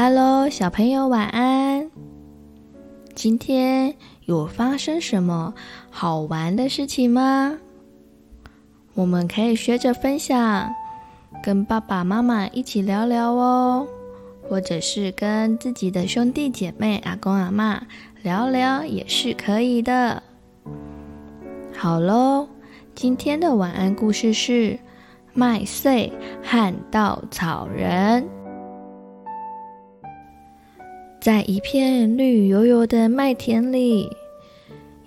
Hello，小朋友，晚安。今天有發生什麼好玩的事情嗎？我們可以學着分享，跟爸爸媽媽一起聊聊哦，或者是跟自己的兄弟姐妹、阿公阿嬤聊聊也是可以的。好嘍，今天的晚安故事是《麥穗和稻草人》。在一片綠油油的麥田裡，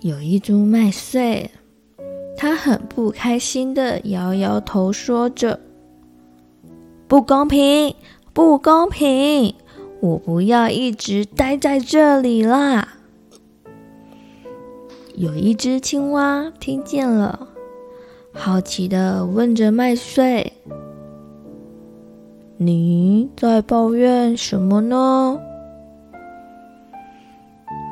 有一株麥穗，它很不開心地搖搖頭，說着：“不公平，不公平！我不要一直待在這裡啦。”有一只青蛙聽見了，好奇地問着麥穗：“你在抱怨什麼呢？”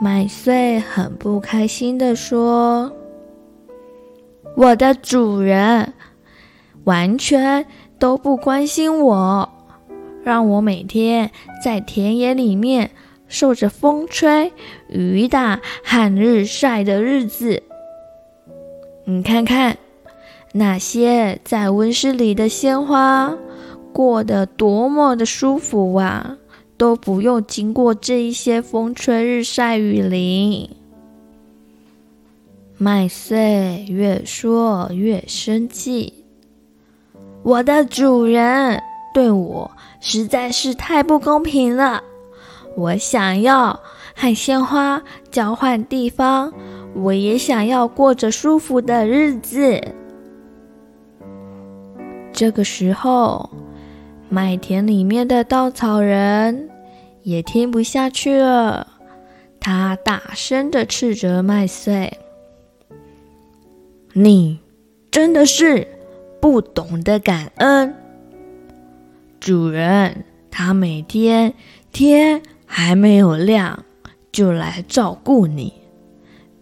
麥穗很不開心的說：“我的主人完全都不關心我，讓我每天在田野裡面受着風吹雨打、和日曬的日子。你看看那些在溫室裡的鮮花，過得多麼的舒服啊！”都不用經過這一些風吹日曬雨淋，麥穗越說越生氣。我的主人對我實在是太不公平了，我想要和鮮花交換地方，我也想要過着舒服的日子。這個時候，麥田裡面的稻草人也聽不下去了，他大聲的斥責麥穗：“你真的是不懂得感恩主人，他每天天還沒有亮就來照顧你，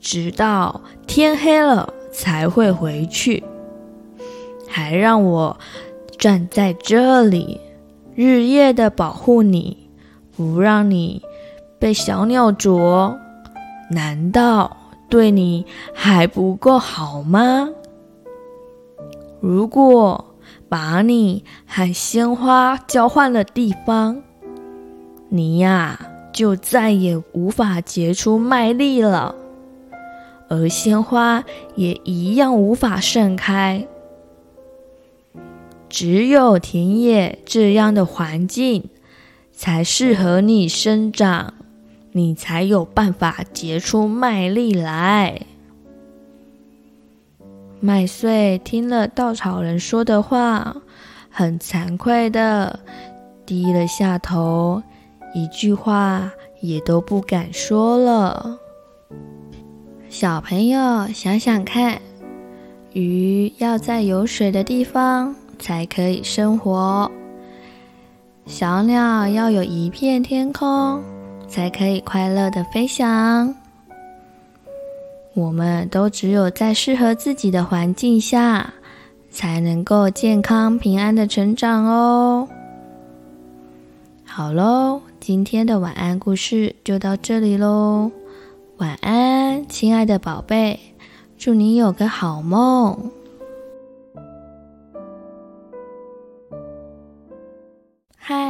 直到天黑了才會回去，還讓我，”站在這裡，日夜的保護你，不讓你被小鳥啄，難道對你還不夠好嗎？如果把你和鮮花交換了地方，你呀，啊，就再也無法結出麥粒了，而鮮花也一樣無法盛開。只有田野這樣的環境，才適合你生長，你才有辦法結出麥粒來。麥穗聽了稻草人說的話，很慚愧的低了下頭，一句話也都不敢說了。小朋友，想想看，魚要在有水的地方。才可以生活。小鳥要有一片天空，才可以快樂的飛翔。我們都只有在適合自己的環境下，才能夠健康平安的成長哦。好嘍，今天的晚安故事就到這裡嘍。晚安，親愛的寶貝，祝你有個好夢。